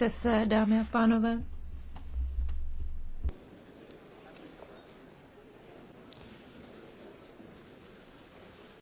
Te se, dámy a pánové.